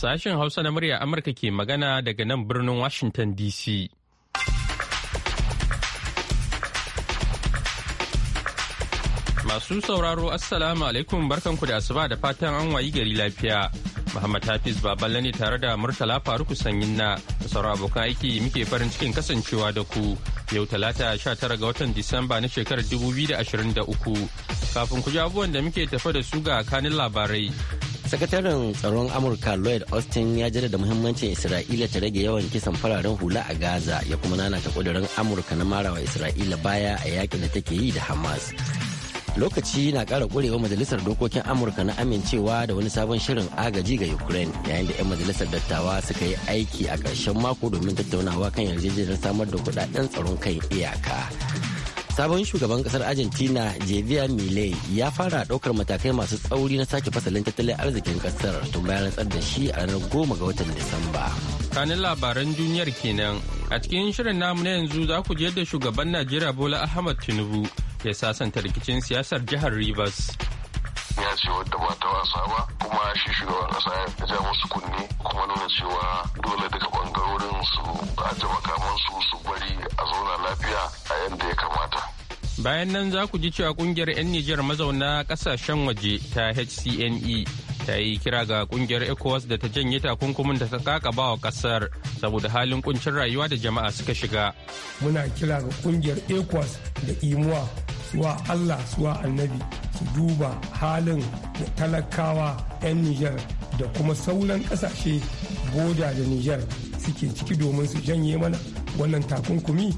Sashen Hausa na murya Amurka ke magana daga nan birnin Washington DC. Masu sauraro Assalamu alaikum barkanku da asuba da fatan an wayi gari lafiya. Muhammad Hafiz Baballe ne tare da Murtala Faruku Sanyin na sauran abokan aiki muke farin cikin kasancewa da ku yau talata 19 ga watan Disamba na shekarar 2023. Kafin ku ji abubuwan da muke tafa da su ga kanin labarai. sakataren tsaron amurka lloyd austin ya jaddada muhimmancin isra'ila ta rage yawan kisan fararen hula a gaza ya kuma ta kudurin amurka na marawa isra'ila baya a yakin da take yi da hamas lokaci na kara kurewa majalisar dokokin amurka na amincewa da wani sabon shirin agaji ga ukraine yayin da 'yan majalisar dattawa suka yi aiki a ƙarshen mako domin tattaunawa kan yarjejeniyar samar da kudaden tsaron kan iyaka sabon shugaban kasar argentina javier milei ya fara daukar matakai masu tsauri na sake fasalin tattalin arzikin kasar tun bayan rantsar da shi a ranar goma ga watan disamba kanin labaran duniyar kenan a cikin shirin namu na yanzu za ku je da shugaban najeriya bola ahmad tinubu ya sasanta rikicin siyasar jihar rivers ya ce wadda ba ta wasa ba kuma shi shugaban kasa ya ja musu kunne kuma nuna cewa dole duka bangarorin su aje makamansu su bari a zauna lafiya a yadda ya kamata. Bayan nan za ku ji cewa kungiyar 'yan Nijar mazauna kasashen waje ta HCNE ta yi kira ga kungiyar ECOWAS da ta janye takunkumin da ta kakaba wa kasar saboda halin kuncin rayuwa da jama'a suka shiga. Muna kira ga kungiyar ECOWAS da imuwa suwa Allah suwa annabi su duba halin da talakawa 'yan Nijar da kuma sauran ƙasashe goda da Nijar suke ciki domin su janye mana wannan takunkumi.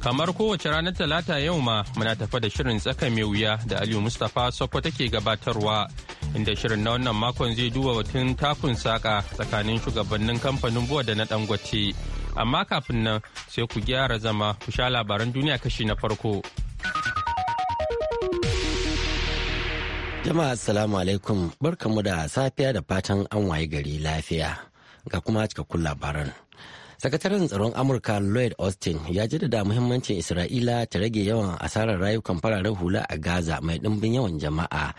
Kamar kowace ranar Talata yau ma muna tafa da shirin tsaka mai wuya da Aliyu Mustapha Sokko take gabatarwa. Inda shirin na wannan makon zai duba batun takun saka tsakanin shugabannin kamfanin buwa da na dangote. Amma kafin nan sai ku gyara zama ku sha labaran duniya kashi na farko. Jama'a assalamu alaikum barkamu da safiya da fatan an waye gari lafiya ga kuma cikakkun labaran. Sakataren tsaron Amurka Lloyd Austin ya jaddada muhimmancin Isra'ila ta rage yawan asarar rayukan fararen hula a Gaza mai ɗimbin yawan jama'a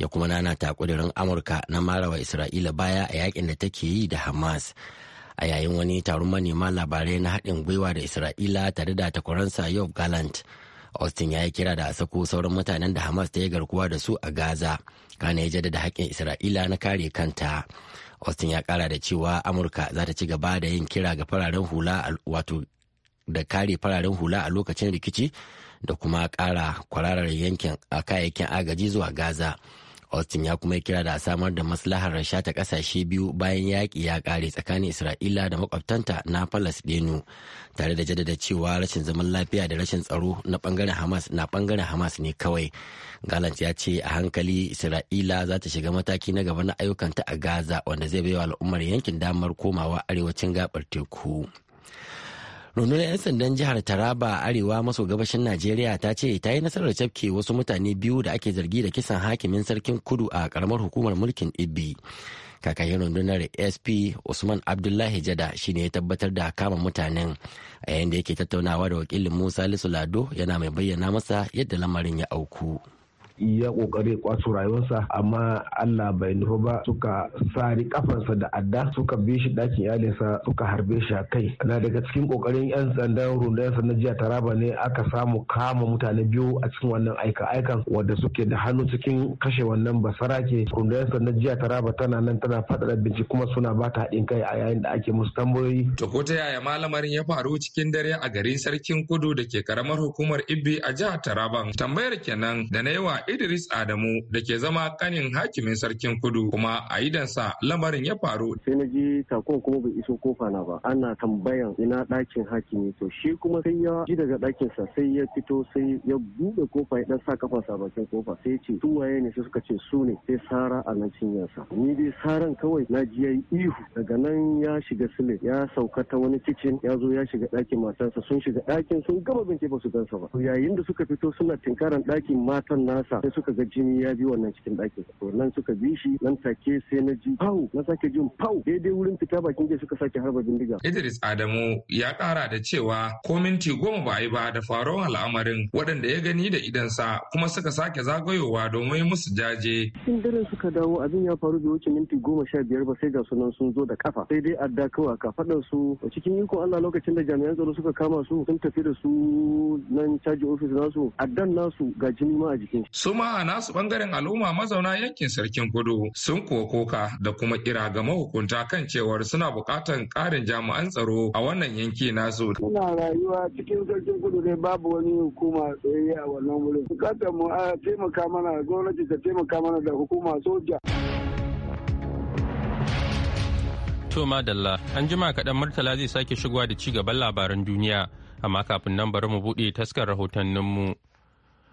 ya kuma nana ta ƙudurin Amurka na marawa Isra'ila baya a yakin da take yi da Hamas. A yayin wani taron manema labarai na haɗin gwiwa da Isra'ila tare da takwaransa Yob Gallant. austin ya yi kira da a sako sauran mutanen da hamas ta yi garkuwa da su a gaza kana ya jaddada haƙƙin isra'ila na kare kanta austin ya kara da cewa amurka za ta ci gaba da yin kira ga fararen hula wato da kare fararen hula a lokacin rikici da kuma kara kwararar yankin a kayayyakin agaji zuwa gaza austin ya kuma yi kira da samar da maslahar rasha ta kasashe biyu bayan yaƙi ya ƙare tsakanin isra'ila da makwabtanta na falasɗinu tare da jaddada cewa rashin zaman lafiya da rashin tsaro na bangaren hamas na bangaren hamas ne kawai galant ya ce a hankali isra'ila za ta shiga mataki na gaba na ayyukanta a gaza wanda zai baiwa al'ummar yankin damar komawa arewacin gabar teku rundunar 'yan sandan jihar taraba arewa maso gabashin najeriya ta ce ta yi nasarar cafke wasu mutane biyu da ake zargi da kisan hakimin sarkin kudu a karamar hukumar mulkin ibi kakakin rundunar sp usman abdullahi jada shine ya tabbatar da kama mutanen a yayin da yake tattaunawa da wakilin musa lisu lado yana mai bayyana masa yadda lamarin ya auku. ya kokari kwaso rayuwarsa amma Allah bai nufa ba suka sari kafansa da adda suka bi shi dakin iyalinsa suka harbe shi a kai na daga cikin kokarin yan sandan rundunar na jiya taraba ne aka samu kama mutane biyu a cikin wannan aika aikan wanda suke da hannu cikin kashe wannan basarake rundunar na jiya taraba tana nan tana faɗaɗa binci kuma suna ba ta haɗin kai a yayin da ake musu tambayoyi. To ko ta yaya malamarin ya faru cikin dare a garin sarkin kudu da ke karamar hukumar Ibbi a jihar Taraban tambayar kenan da na wa Idris Adamu da ke zama kanin hakimin sarkin kudu kuma a idansa lamarin ya faru. Sai na ji takon kuma bai iso kofa na ba ana tambayan ina ɗakin hakimi to shi kuma sai ya ji daga ɗakinsa sai ya fito sai ya buɗe kofa ya ɗan sa kafarsa bakin kofa sai ce su waye ne sai suka ce su ne sai sara a nan cinyarsa. Ni dai saran kawai na ji ya ihu daga nan ya shiga sile ya sauka ta wani kicin ya zo ya shiga ɗakin matarsa sun shiga ɗakin sun gama bincike ba su gansa ba. Yayin da suka fito suna tinkaran ɗakin matan nasa sai suka ga jini ya bi wannan cikin ɗakin to nan suka bi shi nan take sai na ji pau na sake jin pau daidai wurin fita bakin ke suka sake harba bindiga Idris Adamu ya kara da cewa ko minti goma ba a yi ba da faruwar al'amarin waɗanda ya gani da sa, kuma suka sake zagayowa domin musu jaje in daren suka dawo abin ya faru da wuce minti goma sha biyar ba sai ga sunan sun zo da kafa sai dai adda ka faɗan su cikin iko Allah lokacin da jami'an tsaro suka kama su sun tafi da su nan caji ofis nasu addan nasu ga jini ma a jikin su ma a nasu bangaren al'umma mazauna yankin sarkin kudu sun kuwa kokoka da kuma kira ga mahukunta kan cewar suna bukatan karin jami'an tsaro a wannan yanki nasu. Muna rayuwa cikin sarkin kudu ne babu wani hukuma tsayayye a wannan wurin. Bukatar mu a taimaka mana gwamnati ta taimaka mana da hukuma soja. To madalla, an jima kaɗan Murtala zai sake shigowa da ci gaban labaran duniya, amma kafin nan bari mu buɗe taskar rahotanninmu.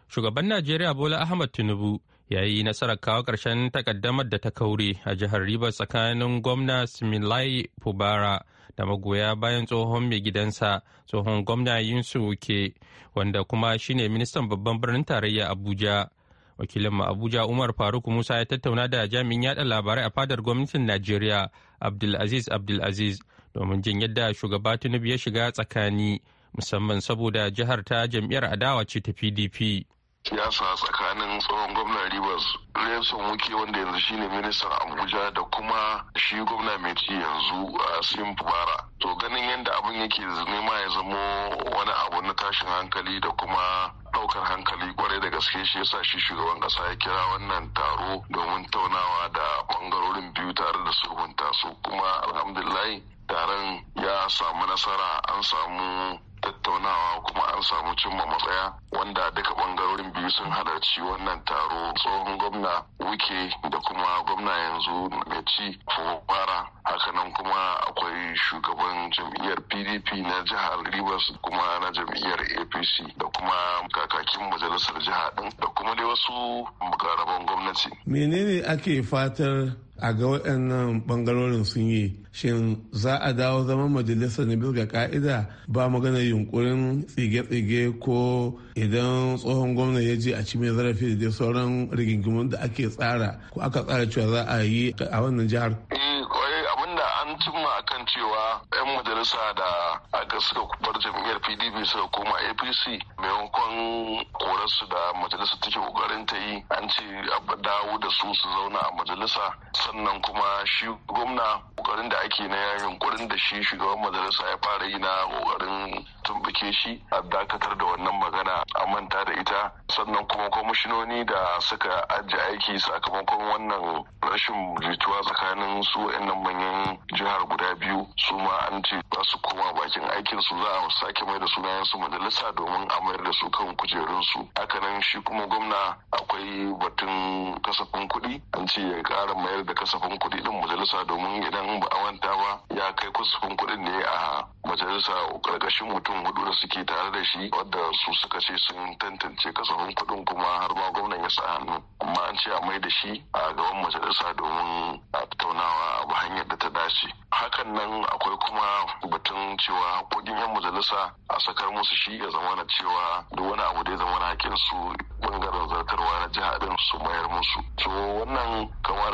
Shugaban Najeriya Bola Ahmad Tinubu ya yi nasarar kawo ƙarshen takaddamar da ta kaure a jihar Rivers tsakanin gwamna Similai Fubara da magoya bayan tsohon mai gidansa tsohon gwamna Yinsu wuke wanda kuma shine ministan babban birnin tarayya Abuja. Wakilinmu Abuja Umar Faruk Musa ya tattauna da jami'in yada labarai a fadar gwamnatin Najeriya Abdulaziz Abdulaziz domin jin yadda shugaba Tinubu ya shiga tsakani musamman saboda jihar ta jam'iyyar adawa ce ta PDP. siyasa tsakanin tsohon gwamnan Rivers Nelson Wuke wanda yanzu shine ministan Abuja da kuma shi gwamna mai ci yanzu a Simfu Bara. To ganin yadda abin yake nema ya zamo wani abu na tashin hankali da kuma daukar hankali kwarai da gaske shi yasa shi shugaban kasa ya kira wannan taro domin taunawa da bangarorin biyu tare da sulhunta su kuma alhamdulillah taron ya samu nasara an samu tattaunawa kuma an samu cimma matsaya wanda duka bangarorin biyu sun halarci wannan taro tsohon gwamna wike da kuma gwamna yanzu na ci fara hakanan kuma akwai shugaban jam'iyyar pdp na jihar rivers kuma na jam'iyyar apc da kuma kakakin majalisar jiha din da kuma dai wasu gwamnati menene ake fatar a ga waɗannan ɓangarorin sun yi shin za a dawo zaman majalisar na bisa ka'ida ba magana yunkurin tsige-tsige ko idan tsohon gwamna ya je a ci mai zarafi da sauran rigingimun da ake tsara ko aka tsara cewa za a yi a wannan jihar. Eh, kan cewa 'yan majalisa da aka suka bar jam'iyyar pdp suka koma apc maimakon korarsu da majalisa take kokarin ta yi an ce dawo da su su zauna a majalisa sannan kuma shi gwamna kokarin da ake na yunkurin da shi shugaban majalisa ya fara yi na kokarin tumbuke shi a dakatar da wannan magana a manta da ita sannan kuma kwamishinoni da suka ajiye aiki sakamakon wannan rashin jituwa tsakanin su nan manyan jihar guda biyu su ma an ce za su koma bakin aikin su za a sake mai da sunayen su majalisa domin a mayar da su kan kujerun su hakanan shi kuma gwamna akwai batun kasafin kuɗi an ce ya ƙara mayar da kasafin kuɗi din majalisa domin idan in ba a wanta ba ya kai kusufin kuɗin ne a majalisa ƙarƙashin mutum hudu da suke tare da shi wadda su suka ce sun tantance kasafin kuɗin kuma har ma gwamnan ya sa hannu kuma an ce a mai da shi a gaban majalisa domin a tattaunawa a hanyar da ta dace hakan nan akwai kuma ganin cewa haƙoƙin yan majalisa a sakar musu shi ya zama na cewa duk wani abu da ya zama na haƙƙin su bangaren zartarwa na jiha din su mayar musu to wannan kamar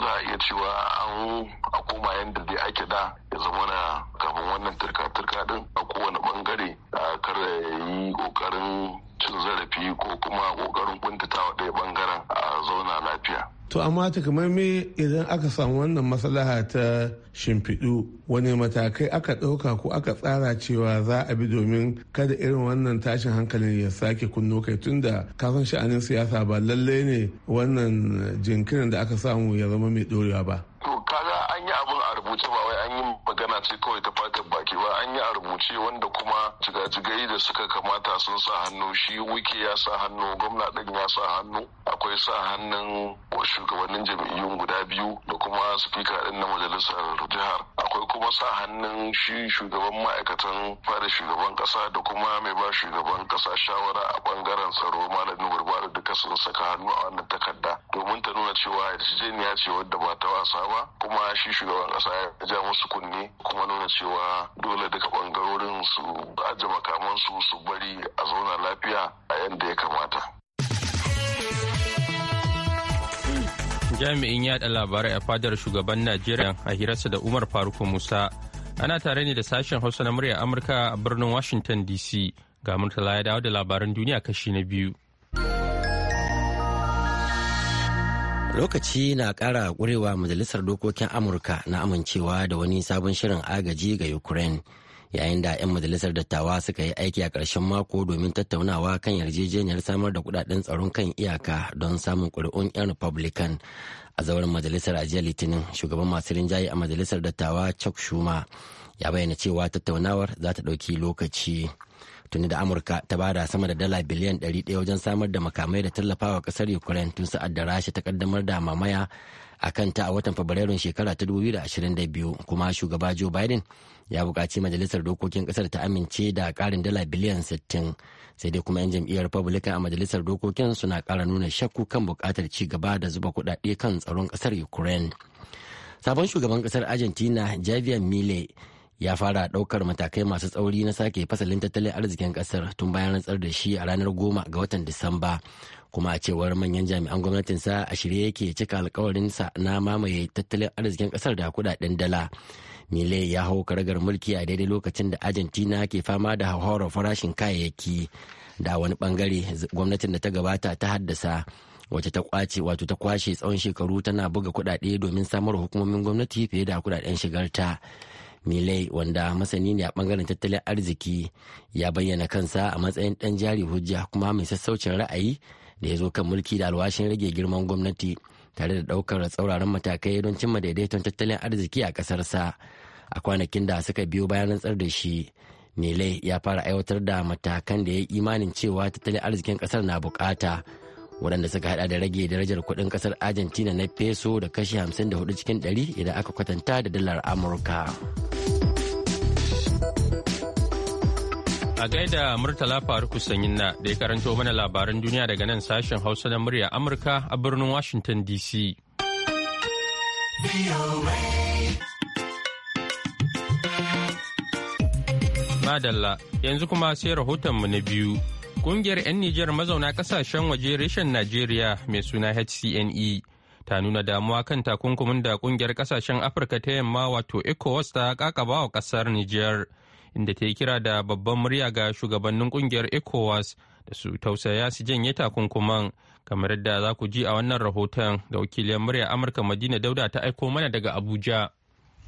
za a iya cewa an a koma yadda dai ake da ya zama na kafin wannan turka-turka din a kowane bangare a kar yi kokarin cin zarafi ko kuma ƙoƙarin wa ɗaya bangaren a zauna lafiya. To amma takamaimai idan aka samu wannan maslaha ta shimfiɗu wani matakai aka ɗauka ko aka tsara cewa za a bi domin kada irin wannan tashin hankalin ya sake kunno kai tunda kasan sha'anin siyasa ba lallai ne wannan jinkirin da aka samu ya zama mai ɗorewa ba. to kaga an yi abin a rubuce ba wai an yi magana ce kawai ta fatan baki ba an yi a rubuce wanda kuma jigajigai da suka kamata sun sa hannu shi wiki ya sa hannu gwamna din ya sa hannu akwai sa hannun shugabannin jam'iyyun guda biyu da kuma spika din na majalisar jihar akwai kuma sa hannun shi shugaban ma'aikatan fada shugaban kasa da kuma mai ba shugaban kasa shawara a bangaren tsaro malam nubar da duka sun saka hannu a wannan takarda domin ta nuna cewa ya ce wadda ba ta wasa ba kuma shi shugaban kasa ya ja musu kunne kuma nuna cewa dole duka bangarorin su aje makamansu su bari a zauna lafiya a yadda ya kamata. jami'in yada labarai a fadar shugaban najeriya a hirarsa da umar faruk musa ana tare ne da sashen hausa na murya amurka a birnin washington dc ga murtala ya dawo da labaran duniya kashi na biyu lokaci na kara ƙurewa majalisar dokokin amurka na amincewa da wani sabon shirin agaji ga ukraine yayin da 'yan majalisar dattawa suka yi aiki a ƙarshen mako domin tattaunawa kan yarjejeniyar samar da kudaden tsaron kan iyaka don samun ƙuri'un 'yan republican a zauren majalisar jiya litinin shugaban masu rinjaye a majalisar dattawa chuck schumer ya bayyana cewa tattaunawar za ta ɗauki lokaci. tuni da amurka ta bada sama da dala biliyan 100 wajen samar da makamai da tallafawa kasar ukraine tun sa'ad da rasha ta kaddamar da mamaya a kanta a watan fabrairun shekara ta 2022 kuma shugaba joe biden ya buƙaci majalisar dokokin kasar ta amince da karin dala biliyan 60 sai dai kuma 'yan jam'iyyar republican a majalisar dokokin suna kara nuna shakku kan buƙatar ci gaba da zuba kuɗaɗe kan tsaron kasar ukraine sabon shugaban ƙasar argentina javier mille ya fara ɗaukar matakai masu tsauri na sake fasalin tattalin arzikin ƙasar tun bayan rantsar da shi a ranar goma ga watan Disamba. Kuma a cewar manyan jami'an gwamnatin sa a shirye yake cika sa na mamaye tattalin arzikin ƙasar da kuɗaɗen dala. Mile ya hau karagar mulki a daidai lokacin da Argentina ke fama da hauhawar farashin kayayyaki. Da wani bangare gwamnatin da ta gabata ta haddasa wacce ta kwace wato ta kwashe tsawon shekaru tana buga kuɗaɗe domin samar hukumomin gwamnati fiye da kuɗaɗen shigarta. milai wanda masani ne a bangaren tattalin arziki ya bayyana kansa a matsayin ɗan jari hujja kuma mai sassaucin ra'ayi da ya zo kan mulki da alwashin rage girman gwamnati tare da ɗaukar tsauraran matakai don cimma daidaiton tattalin arziki a ƙasarsa a kwanakin da suka biyo bayan rantsar da shi milai ya fara aiwatar da matakan da ya yi imanin cewa tattalin arzikin ƙasar na buƙata waɗanda suka hada da rage darajar kuɗin ƙasar argentina na peso da kashi 54 cikin 100 idan aka kwatanta da dalar amurka a gaida murtala faruk sanyin na da ya karanto mana labaran duniya daga nan sashen hausa na murya amurka a birnin washington dc madalla yanzu kuma sai rahotonmu na biyu Kungiyar 'yan Nijar mazauna kasashen waje reshen Najeriya mai suna HCNE ta nuna damuwa kan takunkumin da kungiyar kasashen Afirka ta yamma wato ECOWAS ta kakaba wa kasar Nijar inda ta yi kira da babban murya ga shugabannin kungiyar ECOWAS da su tausaya su janye takunkuman kamar yadda za ku ji a wannan rahoton da wakiliyar murya Amurka Madina Dauda ta aiko mana daga Abuja.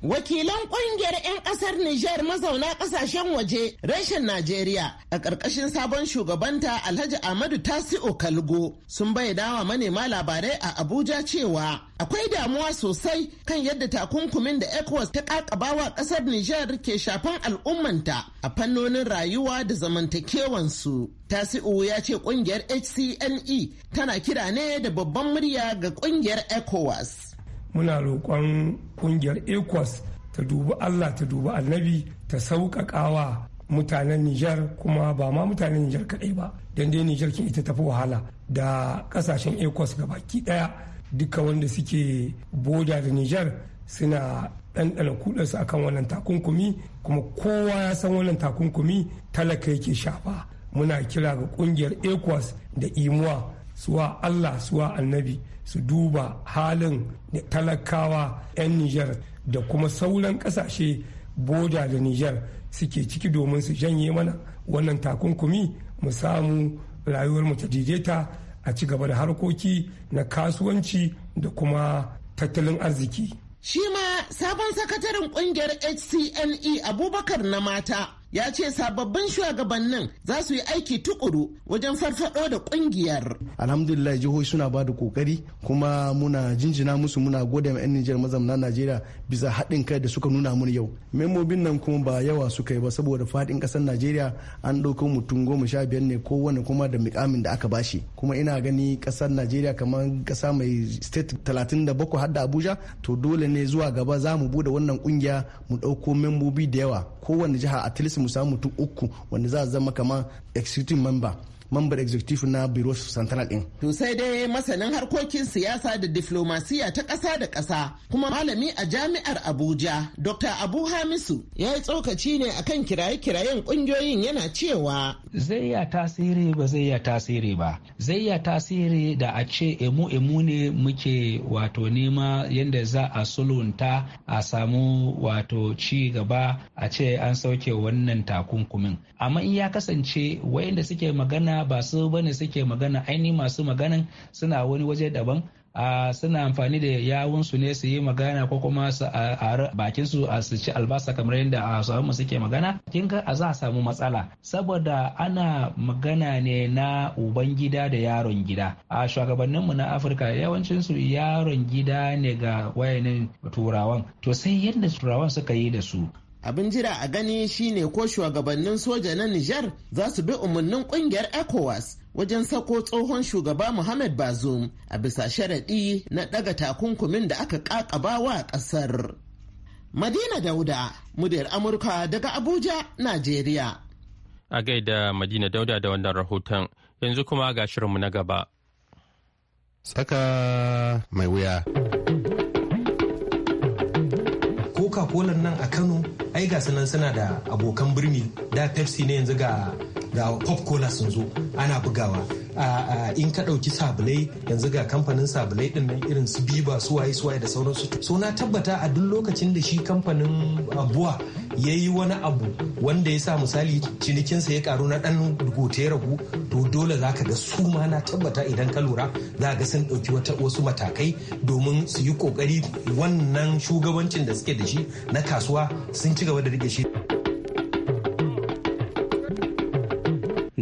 Wakilan kungiyar 'yan ƙasar Nijar mazauna ƙasashen waje reshen Najeriya a ƙarƙashin sabon shugabanta Alhaji Ahmadu Tasi'u Kalgo sun dawa manema labarai a Abuja cewa akwai damuwa sosai kan yadda takunkumin da ECOWAS ta ƙaƙabawa ƙasar Nijar ke shafan al'ummanta a fannonin rayuwa da zamantakewansu. Tasi'u ya ce kungiyar HCNE tana kira ne da babban murya ga kungiyar ECOWAS. muna roƙon ƙungiyar ecos ta dubi allah ta dubi annabi ta sauƙaƙawa mutanen Nijar kuma ba ma mutanen Nijar kaɗai ba don dai Nijar kin ita tafi wahala da ƙasashen ecos ga baki ɗaya duka wanda suke boda da Nijar suna ɗanɗana kudarsu akan wannan takunkumi kuma kowa ya san wannan takunkumi talaka yake shafa muna kira ga ƙungiyar ecos da imuwa suwa Allah suwa annabi su duba halin da talakawa 'yan Nijar da kuma sauran ƙasashe boda da Nijar suke ciki domin su janye mana wannan takunkumi mu samu rayuwar mu ta daidaita a ci gaba da harkoki na kasuwanci da kuma tattalin arziki. Shi ma sabon sakataren kungiyar HCNE Abubakar na mata ya ce sababbin shugabannin za su yi aiki tukuru wajen farfado da kungiyar. Alhamdulillah jihohi suna ba da kokari kuma muna jinjina musu muna gode ma 'yan Nijar mazamna Najeriya bisa haɗin kai da suka nuna mun yau. Memobin nan kuma ba yawa suka yi ba saboda faɗin ƙasar Najeriya an ɗauko mutum goma sha biyar ne kowane kuma da mikamin da aka bashi. Kuma ina gani ƙasar Najeriya kamar ƙasa mai state talatin da bakwai har da Abuja to dole ne zuwa gaba za mu bude wannan kungiya mu ɗauko membobi da yawa kowane jiha a mu samu mutum uku wanda za a zama kamar executive member mambar executive na biro central din to sai dai masanin harkokin siyasa da diflomasiya ta ƙasa da ƙasa kuma malami a jami'ar abuja dr abu hamisu ya yi tsokaci ne akan kiraye-kirayen ƙungiyoyin yana cewa zai ya tasiri ba zai ya tasiri ba zai ya tasiri da a ce emu emu ne muke wato nema yadda za a sulunta a samu wato ci gaba a ce an sauke wannan takunkumin amma in ya kasance wayanda suke magana ba su bane suke magana ainihin masu maganan suna wani waje daban a suna amfani da yawunsu ne su yi magana ko kuma su a bakin su a ci albasa kamar yadda a samu suke magana kin ga a za a samu matsala saboda ana magana ne na uban gida da yaron gida a shugabannin mu na Afirka yawancin su yaron gida ne ga wayanin turawan to sai yadda turawan suka yi da su abin jira a gani shine ko shugabannin soja na Nijar za su bi umarnin kungiyar ECOWAS wajen sako tsohon shugaba Muhammad Bazoum a bisa sharaɗi na ɗaga takunkumin da aka ƙaƙaba wa ƙasar. Madina Dauda, muryar Amurka daga Abuja, Najeriya. A gaida Madina Dauda da wannan rahoton, yanzu kuma ga shirinmu na gaba. Saka mai wuya. coca nan a kano ai ga sanan suna da abokan birni da pepsi ne yanzu ga ga pop cola sun zo ana bugawa in ka ɗauki sabulai yanzu ga kamfanin sabulai ɗin nan irin su biba su waye su waye da sauransu so na tabbata a duk lokacin da shi kamfanin abuwa ya yi wani abu wanda ya sa misali cinikinsa ya karu na ɗan gote ya ragu to dole za ka ga su ma na tabbata idan ka lura za ga sun ɗauki wasu matakai domin su yi ƙoƙari wannan shugabancin da suke da shi na kasuwa sun ci gaba da rike shi.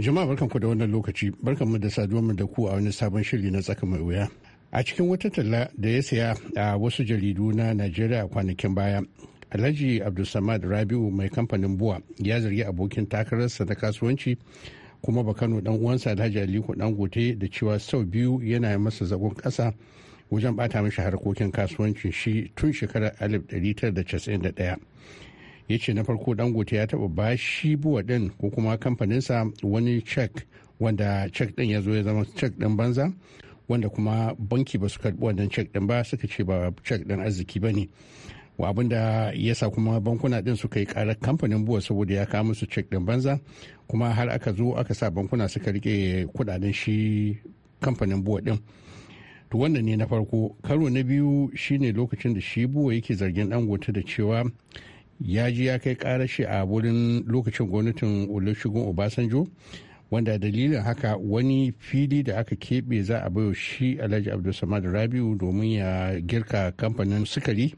Jama'a barkanku da wannan lokaci barkanmu da saduwa da ku a wani sabon shiri na tsaka mai wuya. A cikin wata talla da ya saya a wasu jaridu na Najeriya kwanakin baya, Alhaji Abdulsamad Rabiu mai kamfanin Buwa ya zargi abokin takararsa na kasuwanci kuma Bakano dan uwansa Alhaji Aliko Dangote da cewa sau biyu yana masa zagon ƙasa wajen bata mishi harkokin kasuwancin shi tun shekarar 1991. ya ce na farko dangote ya taba ba shi buwa ɗin ko kuma kamfaninsa wani cek wanda cek ɗin ya zo ya zama cek ɗin banza wanda kuma banki ba su karbi wannan cek ɗin ba suka ce ba cek ɗin arziki ba ne wa abin da ya sa kuma bankuna din suka yi karar kamfanin buwa saboda ya kawo musu cek ɗin banza kuma har aka zo aka sa bankuna suka rike kuɗaɗen shi kamfanin buwa ɗin to wannan ne na farko karo na biyu shine lokacin da shi buwa yake zargin dangote da cewa ya ji ya kai karashi a wurin lokacin gwamnatin olusegun obasanjo wanda dalilin haka wani fili da aka keɓe za a bayo shi alhaji abdulsamad rabiu domin ya girka kamfanin sukari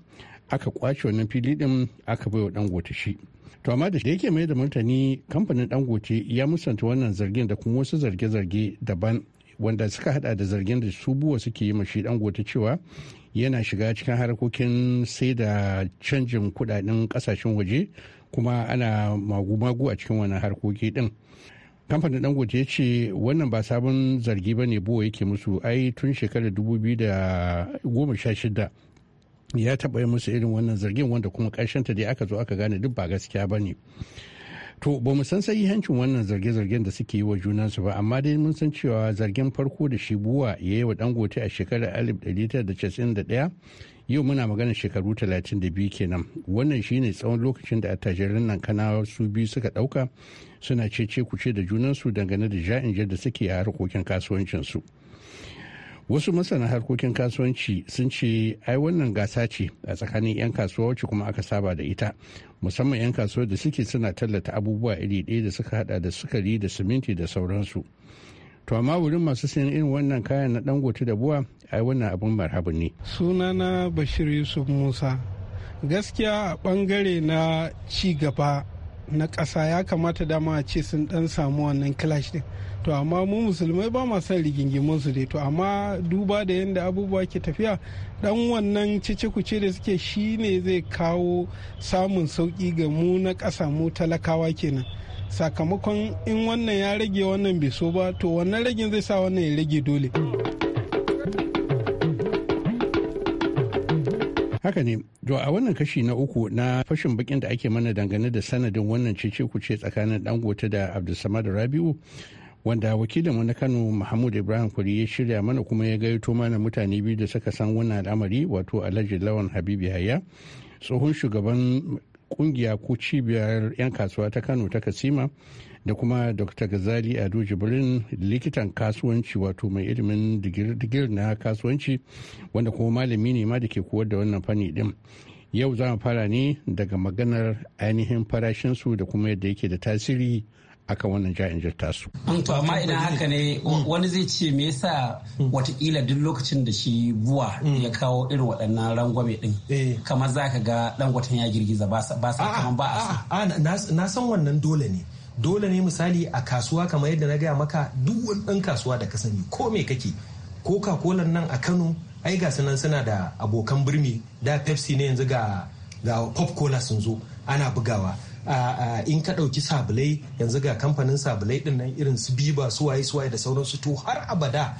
aka kwace wannan fili din aka baiwa dangote shi to amma da yake mai da martani kamfanin dangote ya musanta wannan zargin da kuma wasu zarge-zarge daban wanda suka hada da zargin da su buwa suke yi mashi dangote cewa yana shiga cikin harkokin sai da canjin kudaden kasashen waje kuma ana magu-magu a cikin wannan harkoki din kamfanin dangote ya ce wannan ba sabon zargi ba ne buwa yake musu ai tun shekarar 2016 ya taba yi musu irin wannan zargin wanda kuma ta dai aka zo aka gane duk ba gaskiya ba ne to ba mu san hancin wannan zarge-zargen da suke yi wa junansu ba amma dai mun san cewa zargen farko da shi buwa ya yi wa dangote a shekarar 1991 yau muna magana shekaru 32 kenan wannan shine tsawon lokacin da attajirin nan kanawa su biyu suka dauka suna cece kuce da junansu dangane da ja'in da suke a harkokin kasuwancinsu. su wasu masana harkokin kasuwanci sun ce ai wannan gasa ce a tsakanin 'yan kasuwa wacce kuma aka saba da ita musamman 'yan kasuwa da suke suna tallata abubuwa iri ɗaya da suka hada da sukari da siminti da sauransu to amma wurin masu sayan irin wannan kayan na dangote da buwa ai wannan abin ne sunana bashir yusuf musa gaskiya a bangare na ci gaba na ƙasa ya kamata dama a ce sun dan samu wannan clash din to amma mu musulmai ba ma son rigingimun su dai to amma duba da yadda abubuwa ke tafiya dan wannan cece da suke shi ne zai kawo samun sauki ga mu na ƙasa mu talakawa kenan sakamakon in wannan ya rage wannan bai so ba to wannan ragin zai sa wannan ya rage dole haka ne to a wannan kashi na uku na fashin bakin da ake mana dangane da sanadin wannan cece kuce tsakanin dangote da abdulsamad rabiu wanda wakilin wani kano mahmud ibrahim kuri ya shirya mana kuma ya gaito mana mutane biyu da suka san wannan al'amari wato alhaji lawan habibu yahaya tsohon shugaban kungiya ko cibiyar 'yan kasuwa ta kano ta kasima da kuma dr gazali ado jibrin likitan kasuwanci wato mai ilimin digir na kasuwanci wanda kuma malami ne ma da ke kuwar da wannan fanni din yau za mu fara ne daga maganar ainihin farashinsu da kuma yadda yake da tasiri akan wannan ja'in tasu. Mm, to amma idan haka ne mm. wani zai ce me yasa mm. watakila duk lokacin da shi buwa ya kawo irin waɗannan rangwame din eh. kamar za ka ga watan ya girgiza ba sa kaman ba a na san wannan dole ne dole ne misali a kasuwa kamar yadda na gaya maka duk wani ɗan kasuwa da ka sani ko me kake ka kolan nan a kano ai ga sanan suna da abokan birni da pepsi ne yanzu ga ga pop cola sun zo ana bugawa in ka ɗauki sabulai yanzu ga kamfanin sabulai ɗin nan irin su biba su waye su waye da sauransu to har abada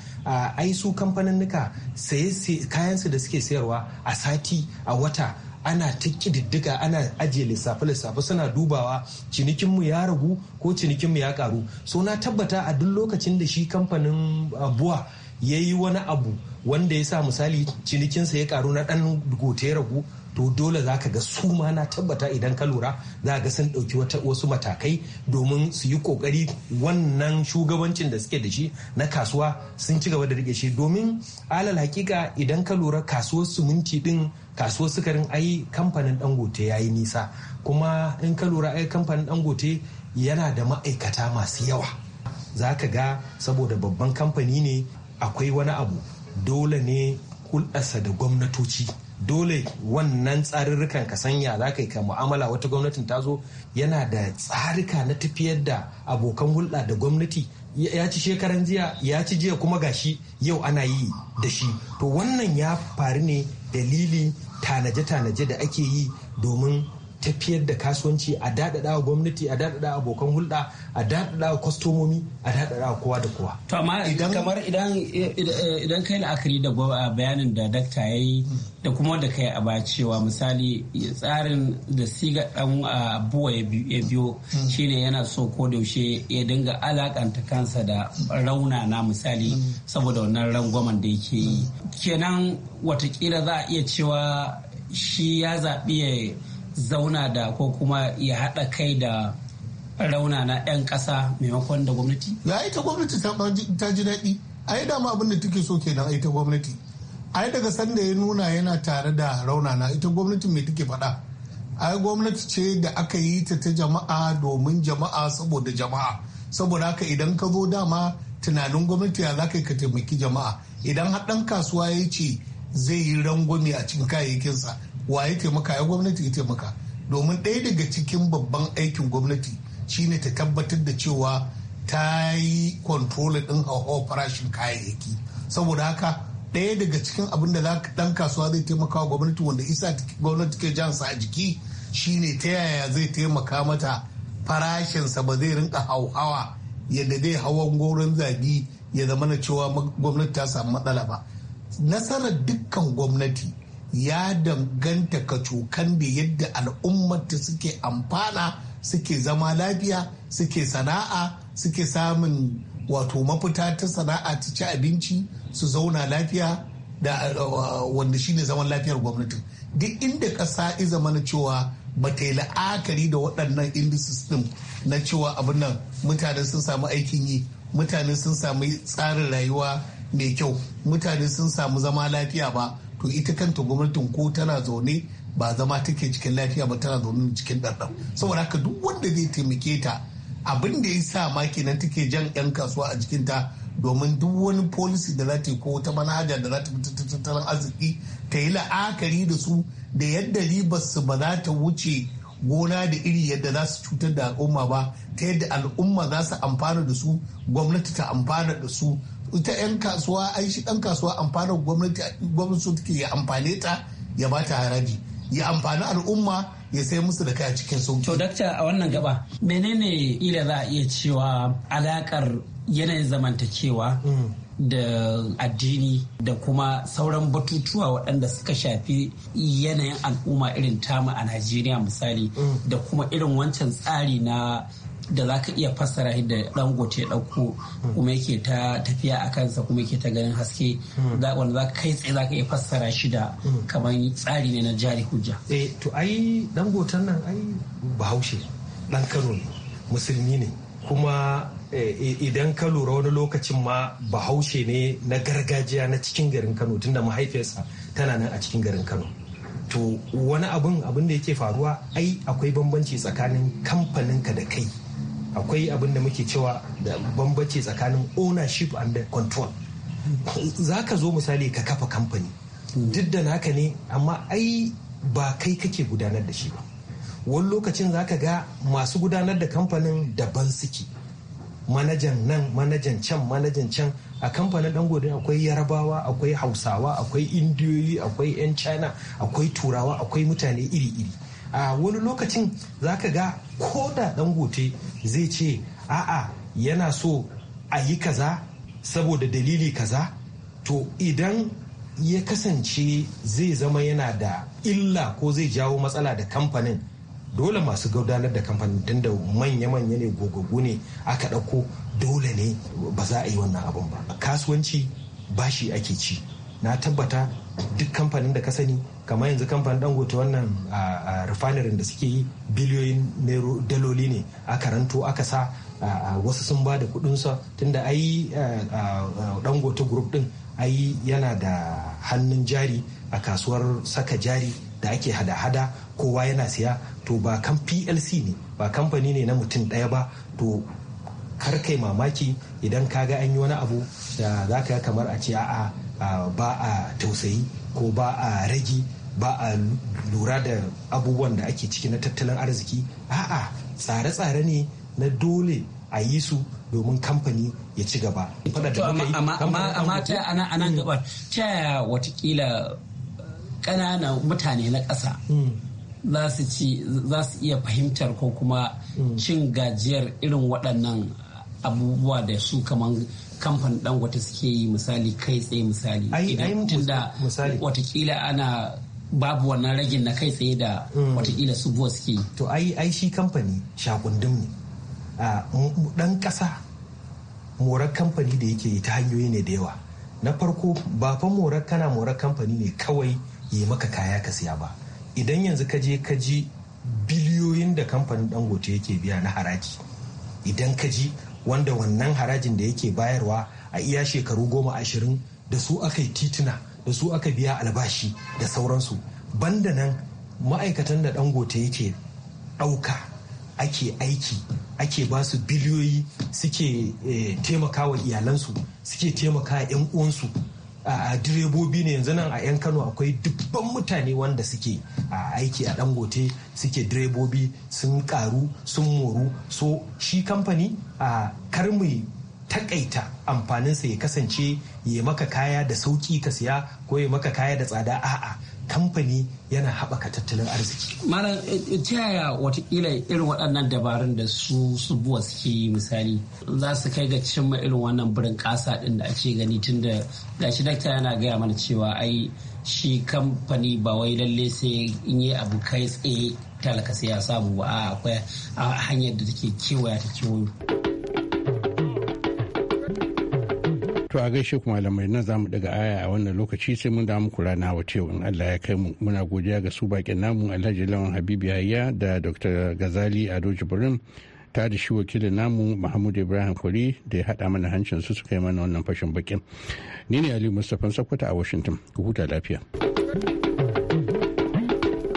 ai su kamfanin nuka su da suke sayarwa a sati a wata ana ta kididdiga ana ajiye lissafi lissafi suna dubawa cinikinmu ya ragu ko cinikinmu ya karu so na tabbata a duk lokacin da shi kamfanin buwa ya yi wani abu wanda ya sa misali cinikinsa ya karu na dan gote ragu to dole za ka ga su ma na tabbata idan ka lura za ga sun ɗauki wasu matakai domin su yi ƙoƙari wannan shugabancin da suke da shi na kasuwa sun ci gaba da rike shi domin alal hakika idan ka lura kasuwar suminti din kasuwar sukarin ai kamfanin dangote ya yi nisa kuma in ka lura ai kamfanin dangote yana da ma'aikata masu yawa za ka ga saboda babban kamfani ne akwai wani abu dole ne hulɗarsa da gwamnatoci dole wannan tsarurrukan ka sanya za ka yi ka mu'amala wata gwamnatin ta zo yana da tsarika na tafiyar da abokan hulɗa da gwamnati ya ci shekaran jiya ya ci jiya kuma gashi yau ana yi da shi to wannan ya faru ne dalili tanaje-tanaje da ake yi domin tafiyar da kasuwanci a daɗaɗa gwamnati a daɗaɗa abokan hulɗa a daɗaɗa kwastomomi a daɗaɗa kowa da kowa. to amma idan kamar idan eh, kai la'akari da bayanin da dakta ya yi da kuma da kai a bacewa misali tsarin da siga dan abuwa ya biyo hmm. shine yana so ko da yaushe ya dinga alakanta kansa da rauna na misali hmm. saboda wannan rangwamen da yake yi hmm. kenan watakila za a iya cewa shi ya zaɓi ya zauna da ko kuma ya haɗa kai da rauna na 'yan ƙasa maimakon da gwamnati? Ya ita gwamnati ta ji daɗi. yi dama abin da take so kenan ita gwamnati. Ai daga sanda ya nuna yana tare da rauna na ita gwamnati mai take faɗa. Ai gwamnati ce da aka yi ta ta jama'a domin jama'a saboda jama'a. Saboda haka idan ka zo dama tunanin gwamnati ya za ka ka taimaki jama'a. Idan har ɗan kasuwa ya ce zai yi rangwame a cikin kayayyakinsa wa ya taimaka ya gwamnati ya taimaka domin ɗaya daga cikin babban aikin gwamnati shine ta tabbatar da cewa ta yi kontrolin ɗin hauhawar farashin kayayyaki saboda haka ɗaya daga cikin abin da ɗan kasuwa zai taimaka wa gwamnati wanda isa gwamnati ke jan sa a jiki shine ta yaya zai taimaka mata farashinsa ba zai rinka hauhawa yadda dai hawan goron zabi ya zama na cewa gwamnati ta samu matsala ba nasarar dukkan gwamnati ya danganta kacokan da yadda al'ummata suke amfana suke zama lafiya suke sana'a suke samun wato mafita ta sana'a ta ci abinci su zauna lafiya da uh, wanda shine zaman lafiyar gwamnati duk inda ƙasa iza mana cewa ba ta yi la'akari da waɗannan indices din na cewa abin nan mutane sun samu aikin yi mutane sun samu tsarin rayuwa mai kyau mutane sun samu zama lafiya ba to ita kanta gwamnatin ko tana zaune ba zama take cikin lafiya ba tana zaune cikin ɗanɗan saboda haka duk wanda zai taimake ta abin da ya sa ma kenan take jan 'yan kasuwa a jikinta domin duk wani policy da za ta yi ko ta manhaja da za ta fita tattalin arziki ta yi la'akari da su da yadda ribar su ba za ta wuce gona da iri yadda za su cutar da al'umma ba ta yadda al'umma za su amfana da su gwamnati ta amfana da su ita 'yan kasuwa ai shi dan kasuwa amfana gwamnati gwamnati take ya amfane ta ya ba ta haraji ya amfani al'umma ya sai musu da kai a cikin sauki. To dakta a wannan gaba menene ila za a iya cewa alakar yanayin zamantakewa hmm. da addini da kuma sauran batutuwa waɗanda suka shafi yanayin al'umma irin tamu a Najeriya misali hmm. da kuma irin wancan tsari na da za ka iya fassara da ya ɗauko kuma yake ta tafiya a kansa kuma yake ta ganin haske wanda za ka kai tsaye za ka iya fassara shi da kamar tsari ne na jari hujja. eh to ai dangoten nan ai bahaushe dan kano ne musulmi ne kuma eh, idan ka lura wani lokacin ma bahaushe ne na gargajiya na cikin garin kano tunda mahaifiyarsa tana nan a cikin garin kano to wani abin abin da yake faruwa ai akwai bambanci tsakanin kamfaninka da kai akwai abin da muke cewa da bambanci tsakanin ownership and control za ka zo misali ka kafa kamfani duk da naka ne amma ai ba kai kake gudanar da shi ba wani lokacin za ka ga masu gudanar da kamfanin daban suke manajan nan manajan can manajan can a kamfanin gobe akwai yarabawa akwai hausawa akwai indiyoyi akwai 'yan china akwai turawa akwai mutane iri-iri a wani lokacin za ka ga ko da dangote zai ce a'a yana so a yi kaza saboda dalili kaza to idan ya kasance zai zama yana da illa ko zai jawo matsala da kamfanin dole masu gudanar da kamfanin tun da manya-manya ne gogogo ne aka ɗauko dole ne ba za a yi wannan abin ba kasuwanci bashi ake ci na tabbata duk kamfanin da ka sani kamar yanzu kamfanin dangote wannan a refinery da suke yi biliyoyin daloli ne aka karanto aka sa wasu sun ba da kudinsa tunda ai dangote group din ai yana da hannun jari a kasuwar saka jari da ake hada-hada kowa yana siya to ba kan plc ne ba kamfani ne na mutum ɗaya ba to kar kai mamaki idan ka ga an yi wani abu da za ka kamar a ce a'a ba a tausayi ko ba a rage ba a lura da abubuwan da ake ciki na tattalin arziki a'a tsare-tsare ne na dole a yi su domin kamfani ya ci gaba. Amma ta anan mm. gabar ta yaya watakila eh, ƙananan mutane na ƙasa mm. za za su iya fahimtar ko kuma mm. cin gajiyar irin waɗannan abubuwa da su kamar Kamfan dan wata suke yi misali kai tsaye misali idan tun da watakila ana babu wannan ragin na kai tsaye da mm. watakila su buwa suke to ai ai shi kamfani shakundum ne dan kasa morar kamfani da yake yi ta hanyoyi ne da yawa na farko ba fa morar kana morar kamfani ne kawai yi maka kaya ka siya ba idan yanzu ka je ka ji biliyoyin da kamfanin dangote yake biya na haraji idan ka ji wanda wannan harajin da yake bayarwa a iya shekaru goma ashirin da su aka yi tituna da su aka biya albashi da sauransu banda nan ma'aikatan da dangote yake ɗauka ake aiki ake ba su biliyoyi suke eh, taimakawa iyalansu suke taimaka 'yan uwansu direbobi ne yanzu nan a 'yan kano akwai dubban mutane wanda suke a aiki a dangote suke direbobi sun karu sun moru so shi kamfani a karmi takaita amfaninsa ya kasance ya maka kaya da sauki ka siya ko ya maka kaya da tsada a'a kamfani yana haɓaka tattalin arziki. Mana eh, eh, ta yaya watakila irin waɗannan dabarun da su subuwa suke misali za su kai ga cimma irin wannan birin ƙasa ɗin da ake gani tun da gashi dakta yana gaya mana cewa ai shi kamfani ba wai lalle sai in yi abu kai tsaye talaka sai ya samu ba akwai hanyar da take kewaya ta kewayo. To a gaishe ku malamai nan zamu daga aya a wannan lokaci sai mun da muku rana wace in Allah ya kai mu muna godiya ga su bakin namu Alhaji Lawan Habibu ayya da Dr. Gazali Ado Jibrin ta da shi wakilin namu Mahmud Ibrahim Kuri da ya hada mana hancin su suka yi mana wannan fashin bakin. Ni ne Ali Mustapha Sokoto a Washington. Ku huta lafiya.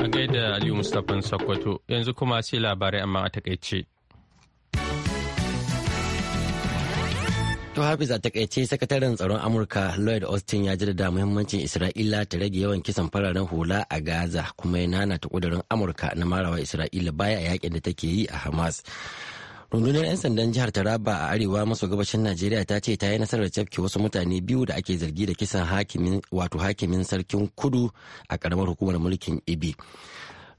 A gaida Aliyu Mustapha Sokoto yanzu kuma sai labarai amma a takaice. To Hafiz a takaice sakataren tsaron Amurka Lloyd Austin ya jaddada muhimmancin Isra'ila ta rage yawan kisan fararen hula a Gaza kuma ya ta kudurin Amurka na marawa Isra'ila baya yakin da take yi a Hamas. rundunar 'yan sandan jihar taraba a arewa maso gabashin najeriya ta ce ta yi nasarar cafke wasu mutane biyu da ake zargi da kisan hakimin wato hakimin sarkin kudu a karamar hukumar mulkin ibi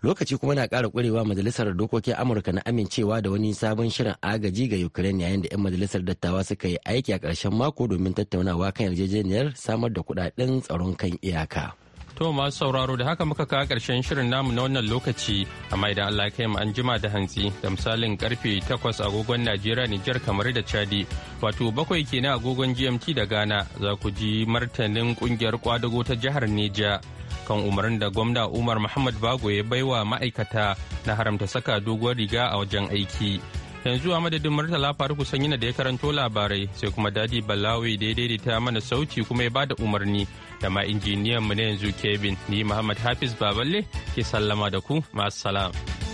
lokaci kuma na kara kwarewa majalisar dokokin amurka na amincewa da wani sabon shirin agaji ga ukraine yayin da 'yan majalisar dattawa suka yi aiki a karshen mako domin tattaunawa kan yarjejeniyar samar da kuɗaɗen tsaron kan iyaka to masu sauraro da haka muka kawo karshen shirin namu na wannan lokaci amma idan allah kai mu an jima da hantsi da misalin karfe 8 agogon najeriya nijar kamar da chadi wato bakwai kenan agogon gmt da ghana za ku ji martanin kungiyar kwadago ta jihar neja kan umarnin da gwamna umar muhammad bago ya baiwa ma'aikata na haramta saka doguwar riga a wajen aiki yanzu a madadin murtala faruku sanyina da ya karanto labarai sai kuma dadi balawi da ya daidaita mana sauti kuma ya bada umarni da ma injiniyan mu na yanzu kevin ni muhammad hafiz baballe ke sallama da ku masu